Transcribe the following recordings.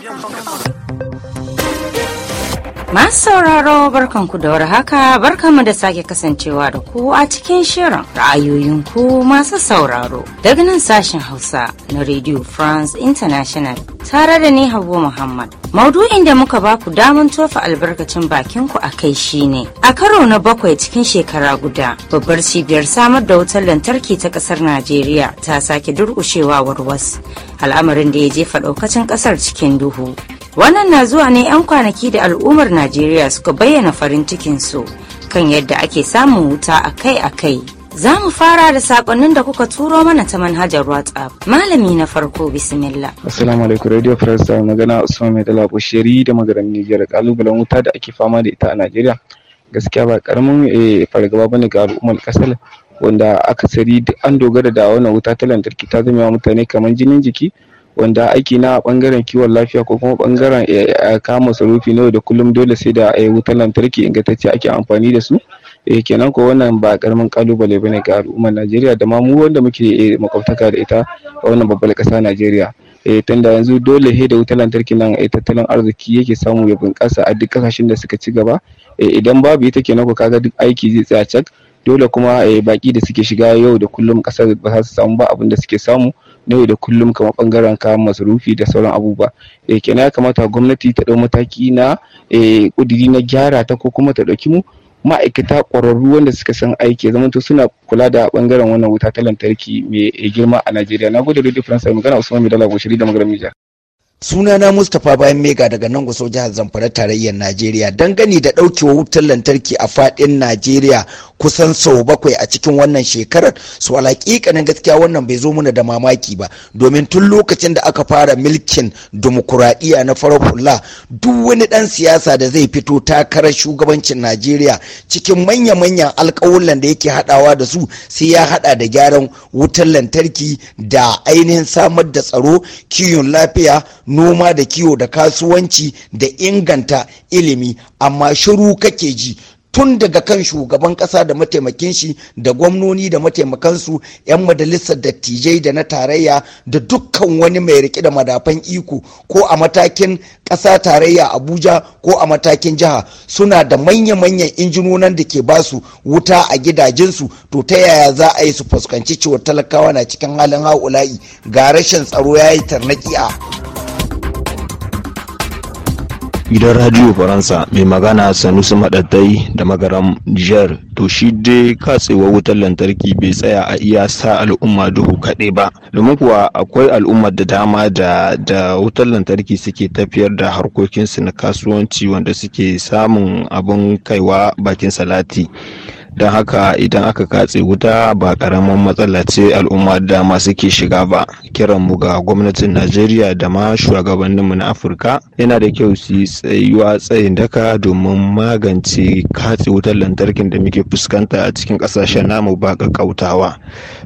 一样好，一样好。Masu sauraro barkanku da warhaka barkanmu da sake kasancewa da ku a cikin shirin ra'ayoyin ku masu sauraro daga nan sashen Hausa na Radio France International tare da ni Habu Muhammad. Maudu'in da muka ba ku damar tofa albarkacin bakin ku a kai shine a karo na bakwai cikin shekara guda babbar cibiyar samar da wutar lantarki ta kasar Najeriya ta sake durƙushewa warwas al'amarin da ya jefa ɗaukacin ƙasar cikin duhu. wannan na zuwa ne 'yan kwanaki da al'ummar najeriya suka bayyana farin cikinsu kan yadda ake samun wuta akai-akai za mu fara da sakonnin da kuka turo mana ta manhajar whatsapp malami na farko bismillah assalamu alaikum radio press da magana usman mai dala bushiri da magaran niger kalubalen wuta da ake fama da ita a najeriya gaskiya ba karamin eh, fargaba bane ga al'ummar kasar wanda akasari an dogara da wannan wuta ta lantarki ta zama mutane kamar jinin jiki wanda na a bangaren kiwon lafiya ko kuma bangaren eh, eh, kama sarufi na yau da kullum dole sai da a eh, wutar lantarki ingantacce ake amfani da su eh kenan ko wannan ba karamin kalubale bane ga al'ummar Najeriya da ma mu wanda muke makwabtaka da ita a wannan babbar ƙasa Najeriya eh tunda yanzu dole he da wutar lantarki nan eh tattalin arziki yake samu ya bunƙasa a duk kasashen da suka ci gaba eh idan babu ita kenan ko kaga duk aiki zai tsaya cak dole kuma baki da suke shiga yau da kullum kasar ba za su samu ba abin da suke samu na yau da kullum kamar bangaren kayan masarufi da sauran abubuwa eh kenan ya kamata gwamnati ta ɗau mataki na eh, ƙudiri na gyara ta ko kuma ta ɗauki mu ma'aikata ƙwararru wanda suka san aiki zaman to suna kula da bangaren wannan wuta ta lantarki mai eh, girma a Najeriya. Na gode da faransa mai magana Usman Mai Dala Goshiri da magana Nijar. sunana mustapha bayan mega daga nan gwaso jihar zamfara tarayyar najeriya dangane da ɗaukewa wutar lantarki a fadin najeriya kusan sau bakwai a cikin wannan shekarar su alaƙiƙanin gaskiya wannan bai zo muna da mamaki ba domin tun lokacin da aka fara milkin dimokuraɗiyya na farar hula duk wani ɗan siyasa da zai fito takarar shugabancin najeriya cikin manya-manyan alƙawullan da yake haɗawa da su sai ya haɗa da gyaran wutar lantarki da ainihin samar da tsaro kiwon lafiya noma da kiwo da kasuwanci da inganta ilimi amma shiru kake ji tun daga kan shugaban kasa da mataimakin shi da gwamnoni da mataimakansu 'yan majalisar dattijai da na tarayya da dukkan wani mai rike da madafan iko ko a matakin kasa tarayya abuja ko a matakin jiha suna da manya-manyan injinonan da ke basu wuta a gidajensu to ta yaya za a yi su fuskanci cewar talakawa na cikin halin ha'ula'i ga rashin tsaro ya yi tarnaki a gidan radio faransa mai magana sanusi maɗaddai da magaram jihar to shi dai katsewa wutar lantarki bai tsaya a iya sa al'umma duhu kaɗai ba domin kuwa akwai al'ummar da dama da da wutar lantarki suke tafiyar da harkokinsu na kasuwanci wanda suke samun abin kaiwa bakin salati don haka idan aka katse wuta ba karamin matsala ce al'umma da masu ke shiga ba kiran mu ga gwamnatin najeriya da ma shugabanninmu na afirka yana da kyau su yi tsayuwa tsayin daka domin magance katse wutar lantarkin da muke fuskanta a cikin kasashen namu ba kakkautawa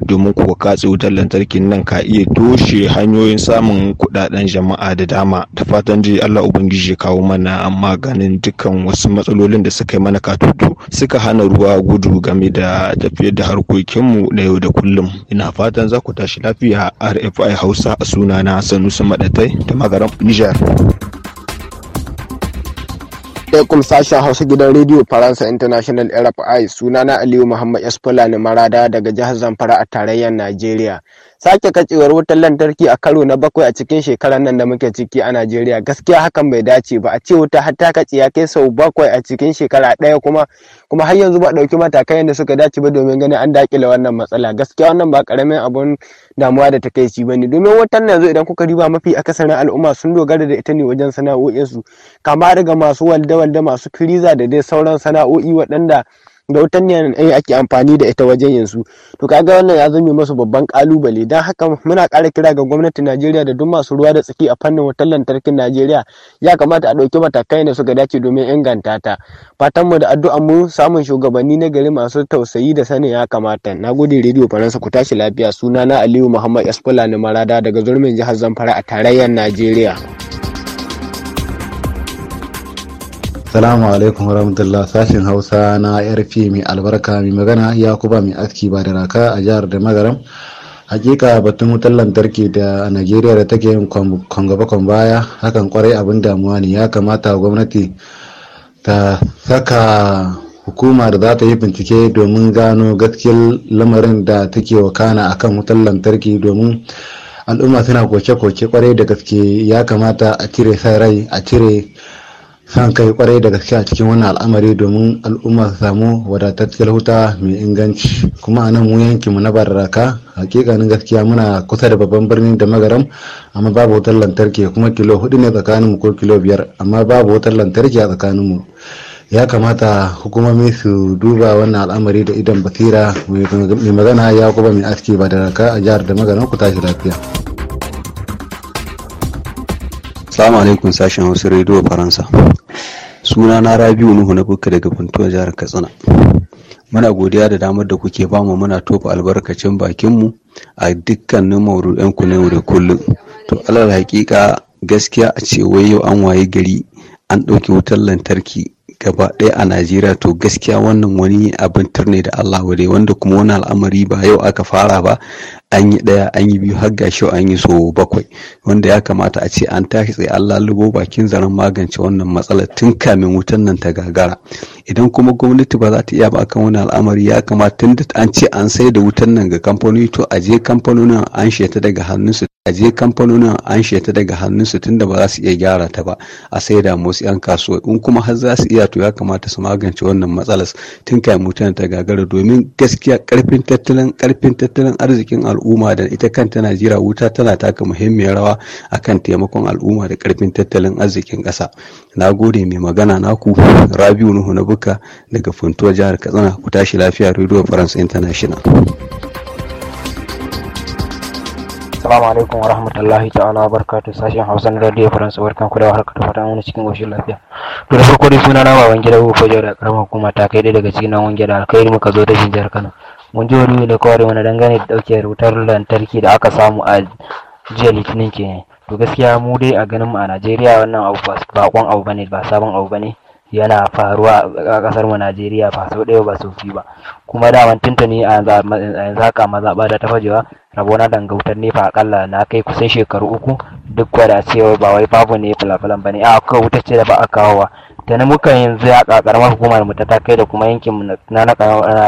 domin kuwa katse wutar lantarkin nan ka iya toshe hanyoyin samun kudaden jama'a da dama da fatan ji allah ubangiji kawo mana maganin dukkan wasu matsalolin da suka yi mana katutu suka hana ruwa gudu game da tafiyar da harkokinmu na yau da kullum ina fatan za ku tashi lafiya rfi hausa a sunana sanusi madatai da magaran niger. alaikum sashen hausa gidan rediyo faransa international rfi na aliyu muhammad ne marada daga jihar zamfara a tarayyar najeriya sake kacewar wutar lantarki a karo na bakwai a cikin shekarar nan da muke ciki a najeriya gaskiya hakan bai dace ba a ce wuta har ta kace ya kai sau bakwai a cikin shekara ɗaya kuma kuma har yanzu ba ɗauki matakai yadda suka dace ba domin ganin an dakile wannan matsala gaskiya wannan ba karamin abun damuwa da takaici ba ne domin watan yanzu idan kuka riba mafi akasarin al'umma sun dogara da ita ne wajen sana'o'insu kama daga masu walda-walda masu firiza da dai sauran sana'o'i waɗanda da wutan ne ake amfani da ita wajen yanzu. to kaga wannan ya zame masu babban kalubale don haka muna ƙara kira ga gwamnatin Najeriya da duk masu ruwa da tsaki a fannin wutar lantarkin Najeriya ya kamata a ɗauki matakai su ga dace domin inganta ta fatan mu da addu'a mu samun shugabanni na gari masu tausayi da sanin ya kamata na nagode rediyo faransa ku tashi lafiya suna na Aliyu Muhammad ni Marada daga Zurmin jihar Zamfara a tarayyar Najeriya Salamu alaikum warahmatullah sashen Hausa na yarfe mai albarka mai magana ya kuba mai aski ba da raka a jihar da magaram. Hakika batun wutar lantarki da Najeriya da take yin kwangaba baya hakan kwarai abin damuwa ne ya kamata gwamnati ta saka hukuma da za ta yi bincike domin gano gaskiyar lamarin da take wakana akan wutar lantarki domin al'umma suna koke-koke kwarai da gaske ya kamata a cire sa rai a cire san kai kwarai da gaske a cikin wannan al'amari domin al'umma su samu wadatacciyar huta mai inganci kuma a nan mu yanki mu na bararaka hakikanin gaskiya muna kusa da babban birnin da magaram amma babu wutar lantarki kuma kilo hudu ne tsakanin mu ko kilo biyar amma babu wutar lantarki a tsakanin mu ya kamata hukumomi su duba wannan al'amari da idan basira mai magana ya kuma mai aski ba da raka a jihar da magaram ku tashi lafiya. Salamu alaikum sashen Hausa Radio Faransa. Suna na Rabiu Nuhu na Bukka daga Funtuwa jihar Katsina. Muna godiya da damar da kuke ba mu muna tofa albarkacin bakin mu a dukkanin mauru'en ku na yau da kullum. To alal hakika gaskiya a ce wai yau an waye gari an ɗauki wutar lantarki gaba ɗaya a Najeriya to gaskiya wannan wani abin turne da Allah wadai wanda kuma wani al'amari ba yau aka fara ba an yi ɗaya an yi biyu har gashi an yi so bakwai wanda ya kamata a ce an tashi tsaye an lalubo bakin zaren magance wannan matsalar tun kamin wutan nan ta gagara idan kuma gwamnati ba za ta iya ba akan wani al'amari ya kamata tun da an ce an sai da wutan nan ga kamfanoni to a je kamfanonin an sheta daga hannunsu a je kamfanonin an sheta daga hannunsu tun da ba za su iya gyara ta ba a sai da musu yan kasuwa in kuma har za su iya to ya kamata su magance wannan matsalar tun kamin wutan ta gagara domin gaskiya karfin tattalin karfin tattalin arzikin al'umma al'umma da ita kanta najeriya wuta tana taka muhimmiyar rawa kan taimakon al'umma da karfin tattalin arzikin ƙasa na gode mai magana naku rabiu nuhu na buka daga funtuwa jihar katsina ku tashi lafiya radio france international Assalamu alaikum wa rahmatullahi ta'ala wa ta sashen Hausa na Radio France barkan ku da warhaka da fatan wani cikin goshin lafiya. To farko dai suna na baban gida ko da karamar hukuma ta kai daga cikin nan wange da muka zo da jihar Kano. mun ji wani da kawai wani dangane da ɗauke wutar lantarki da aka samu a jiya litinin ke to gaskiya mu dai a ganin mu a najeriya wannan abu bakon abu bane ba sabon abu bane yana faruwa a kasar mu najeriya ba sau ɗaya ba sau biyu ba kuma daman tuntuni a yanzu haka ba da ta rabona dangautar nefa akalla na kai kusan shekaru uku duk kwada cewa ba wai babu ne filafilan ba ne a kawai wuta ce da ba a kawowa ta na muka yanzu ya karamar hukumar mu ta kai da kuma yankin na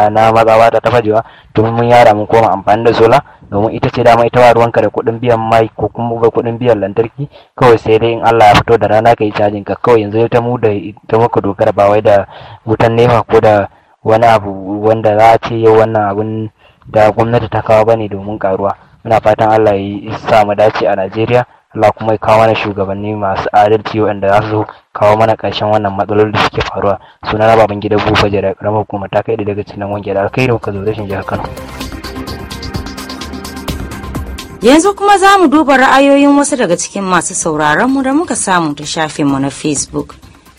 na mazawa da tafajewa domin mun yara mun koma amfani da sola domin ita ce dama ita ba ruwanka da kuɗin biyan mai ko kuma ba kuɗin biyan lantarki kawai sai dai in Allah ya fito da rana kai cajin ka kawai yanzu ta mu da ta muka dogara ba wai da wutan nefa ko da wani abu wanda za a ce yau wannan abun da gwamnati ta kawo bane domin karuwa muna fatan Allah ya sa mu dace a Najeriya Allah kuma ya kawo mana shugabanni masu adalci waɗanda za su kawo mana ƙarshen wannan matsalolin da suke faruwa suna na baban gida bufa jira ƙaramar hukumar ta kai daga cikin wanke da alkai da zo rashin jihar Kano. Yanzu kuma za mu duba ra'ayoyin wasu daga cikin masu sauraron mu da muka samu ta mu na Facebook.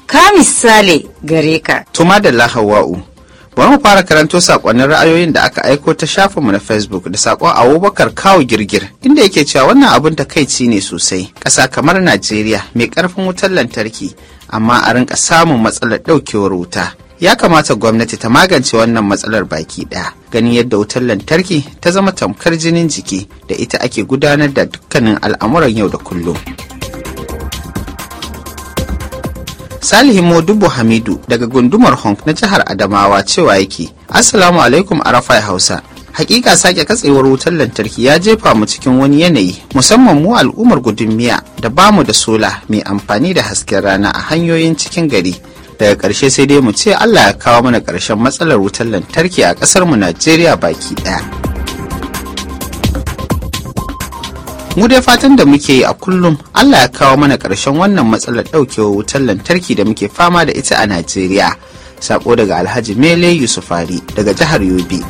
Ka misali gare ka. Tuma da lahawa'u. bari mu fara karanto sakonnin ra'ayoyin da aka aiko ta shafinmu na facebook da sakon abubakar kawo girgir inda yake cewa wannan abin takaici ne sosai ƙasa kamar najeriya mai ƙarfin wutar lantarki amma a rinka samun matsalar ɗaukewar wuta ya kamata gwamnati ta magance wannan matsalar baki ɗaya ganin yadda wutar lantarki ta zama tamkar jinin jiki da ita ake gudanar da dukkanin al'amuran yau da kullum. Salihu Modubu Hamidu daga gundumar honk na jihar Adamawa cewa yake Assalamu alaikum Arafai Hausa. Hakika sake katsewar wutar lantarki ya jefa mu cikin wani yanayi musamman mu al'ummar miya da ba mu da sola mai amfani da hasken rana a hanyoyin cikin gari. Daga ƙarshe sai dai mu ce Allah ya kawo mana ƙarshen matsalar wutar lantarki a ƙasar mu Najeriya baki ɗaya. mu dai fatan da muke yi a kullum allah ya kawo mana karshen wannan matsalar ɗaukewar wutar lantarki da muke fama da ita a najeriya sako daga alhaji mele yusufari daga jihar yobe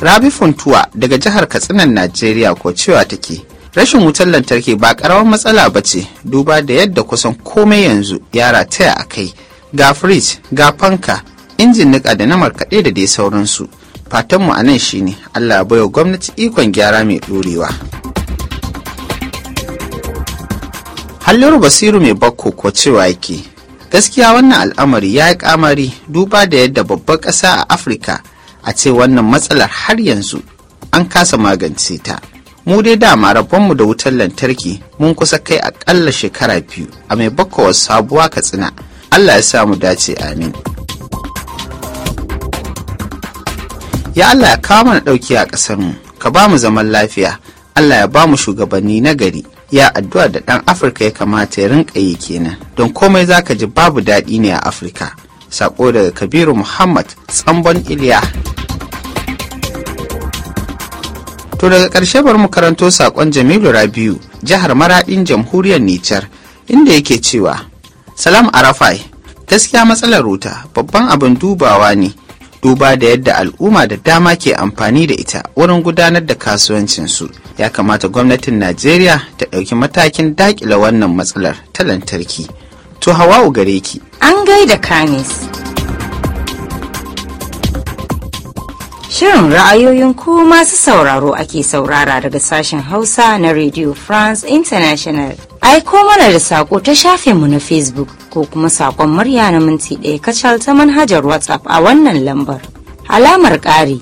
rabi funtuwa daga jihar katsinan najeriya ko cewa take rashin wutar lantarki ba karawar matsala ba ce duba da yadda kusan komai yanzu ya rataya a kai ga firij ga fanka injin nika da na markaɗe da dai sauransu fatanmu a nan shine allah ya baiwa gwamnati ikon gyara mai ɗorewa halliru basiru mai bakko ko cewa yake gaskiya wannan al'amari ya yi kamari duba da yadda babbar ƙasa a afirka a ce wannan matsalar har yanzu an kasa magance ta mu dai dama rabonmu da wutar lantarki mun kusa kai akalla shekara biyu a mai bakowar sabuwa katsina allah ya samu dace amin ya Allah ya kawo mana ɗauki a ƙasarmu ka ba mu zaman lafiya Allah ya ba mu shugabanni na gari ya addu'a da ɗan Afirka ya kamata ya rinka yi kenan don komai za ka ji babu daɗi ne a Afirka sako daga Kabiru Muhammad Tsambon Iliya To daga ƙarshe bar mu karanto saƙon Jamilu Rabiu, jihar Maraɗin Jamhuriyar Nijar, inda yake cewa, Salam Arafai, gaskiya matsalar wuta babban abin dubawa ne duba da yadda al'umma da dama ke amfani da ita wurin gudanar da kasuwancinsu ya kamata gwamnatin najeriya ta ɗauki matakin daƙila wannan matsalar ta lantarki to hawa'u gare ki an gaida kanis Shirin ra'ayoyin ku masu sauraro ake saurara daga sashen Hausa na Radio France International aiko mana da sako ta shafe mu na facebook ko kuma sakon murya na minti ɗaya kacal ta manhajar whatsapp a wannan lambar alamar ƙari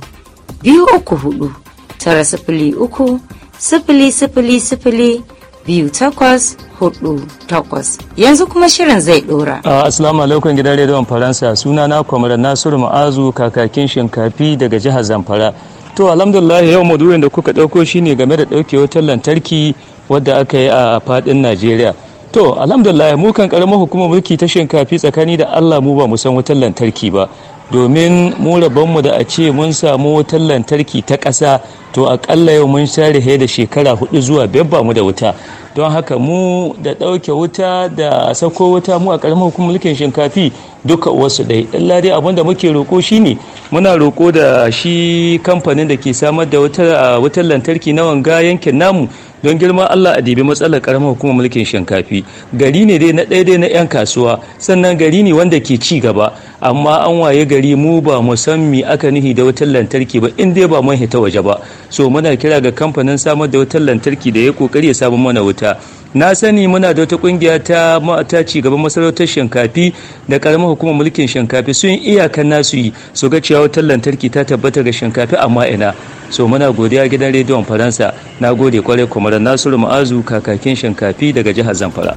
biyu uku hudu tara sifili uku sifili sifili sifili biyu takwas hudu takwas yanzu kuma shirin zai dora. Assalamu alaikum gidan rediyon Faransa suna na kwamar Nasiru Ma'azu kakakin shinkafi daga jihar Zamfara. To alhamdulillah yau madurin da kuka ɗauko shine game da ɗauke wutar lantarki wadda aka yi a fadin najeriya to alhamdulillah mu kan karamar hukumar mulki ta shinkafi tsakani da allah mu ba mu san wutar lantarki ba domin mu rabonmu da a ce mun samu wutar lantarki ta ƙasa to aƙalla yau mun share da shekara hudu zuwa biyar ba mu da wuta don haka mu da ɗauke wuta da sako wuta mu a ƙaramin hukumar mulkin shinkafi duka wasu ɗai ɗan lari abin da muke roƙo shine muna roƙo da shi kamfanin da ke samar da wutar lantarki na wanga yankin namu don girma, Allah a dibi matsalar karamar hukumar mulkin shinkafi gari ne dai na ɗaya dai na 'yan kasuwa sannan gari ne wanda ke ci gaba amma an waye gari mu ba mu san mi aka nihi da wutar lantarki ba in dai ba mun hita waje ba so muna kira ga kamfanin samar da wutar lantarki da ya kokari ya samu mana wuta na sani muna da wata kungiya ta ta ci gaban masarautar shinkafi da karamar hukumar mulkin shinkafi sun iyakan nasu yi su ga cewa wutar lantarki ta tabbatar ga shinkafi amma ina so muna godiya gidan rediyon faransa na gode kwarai kwamar nasiru ma'azu kakakin shinkafi daga jihar zamfara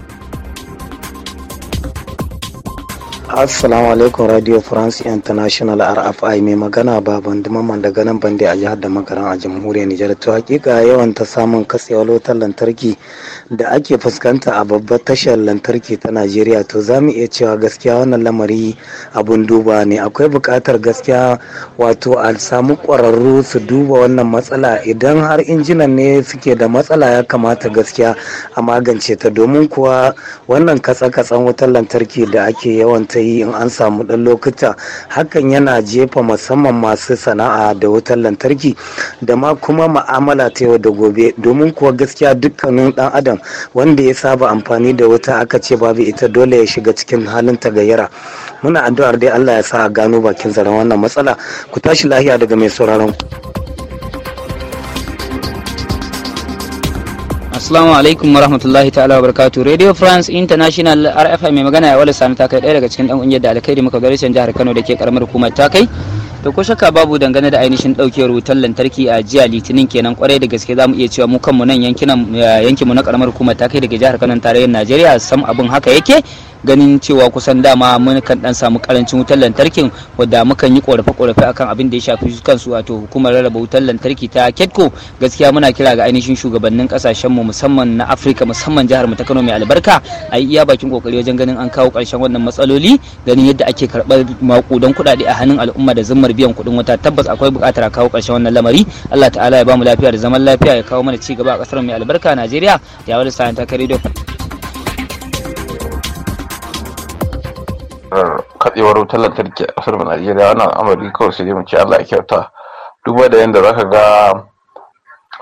assalamu alaikum radio france international rfi mai magana ba bandumaman daga nan bande a jihar da makaran a jamhuriyar nijar to hakika yawan ta samun katsewar lantarki da ake fuskanta a babbar tashar lantarki ta najeriya to za mu iya cewa gaskiya wannan lamari abun duba ne akwai buƙatar gaskiya wato a samu ƙwararru su duba wannan matsala idan har injinan ne suke da matsala ya kamata gaskiya a magance ta domin kuwa wannan katsa-katsan wutar lantarki da ake yawan ta yi in an samu ɗan lokuta hakan yana jefa musamman masu sana'a da wutar lantarki da ma kuma ma'amala ta yau da gobe domin kuwa gaskiya dukkanin ɗan adam wanda ya saba amfani da wuta aka ce babu ita dole ya shiga cikin halin tagayyara muna addu'ar dai Allah ya sa a gano bakin zaren wannan matsala ku tashi lahiya daga mai sauraron Assalamu alaikum wa rahmatullahi ta'ala barakatu. Radio France International RFI mai magana ya wala sami takai daya daga cikin dan kungiyar da alkhairi muka gari jihar Kano da ke karamar hukumar takai. to ko shakka babu dangane da ainihin daukewar wutar lantarki a jiya litinin kenan kwarai da gaske zamu iya cewa mu kanmu nan yankin mu na karamar hukuma ta kai daga jihar Kano tarayyar Najeriya sam abin haka yake ganin cewa kusan dama mun kan dan samu karancin wutar lantarkin wadda mukan yi korafe-korafe akan abin da ya shafi kansu wato hukumar rarraba wutar lantarki ta ketco gaskiya muna kira ga ainihin shugabannin kasashenmu musamman na afirka musamman jihar mu ta kano mai albarka a yi iya bakin kokari wajen ganin an kawo karshen wannan matsaloli ganin yadda ake karɓar makudan kuɗaɗe a hannun al'umma da zimmar biyan kuɗin wata tabbas akwai buƙatar a kawo karshen wannan lamari allah ta'ala ya mu lafiya da zaman lafiya ya kawo mana ci gaba a ƙasar mai albarka najeriya ya wani sa'an ta kare katsewar wutar lantarki a ƙasar Najeriya wannan al'amari kawai sai mu ce Allah ya kyauta duba da yadda zaka ga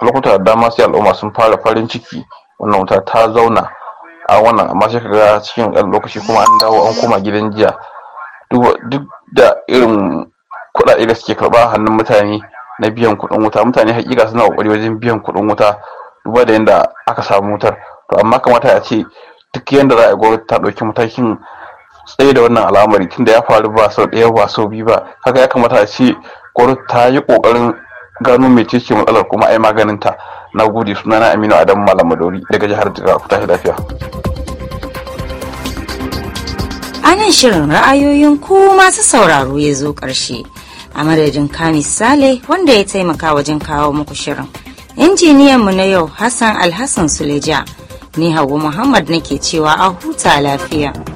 lokuta da dama sai al'umma sun fara farin ciki wannan wuta ta zauna a wannan amma sai ga cikin ɗan lokaci kuma an dawo an koma gidan jiya duk da irin kuɗaɗe da suke karɓa hannun mutane na biyan kuɗin wuta mutane hakika suna ƙoƙari wajen biyan kuɗin wuta duba da yadda aka samu wutar to amma kamata a ce duk yadda za a gwamnati ta ɗauki matakin tsaye da wannan al'amari da ya faru ba sau ɗaya ba sau biyu ba haka ya kamata a ce gwamnati ta yi ƙoƙarin gano mai mecece matsalar kuma ai maganin ta na gode sunana aminu adam malam madori daga jihar jigawa ku tashi lafiya anan shirin ra'ayoyin ku masu sauraro ya zo ƙarshe a madadin kamis sale wanda ya taimaka wajen kawo muku shirin injiniyan mu na yau hassan alhassan suleja ni hagu muhammad nake cewa a huta lafiya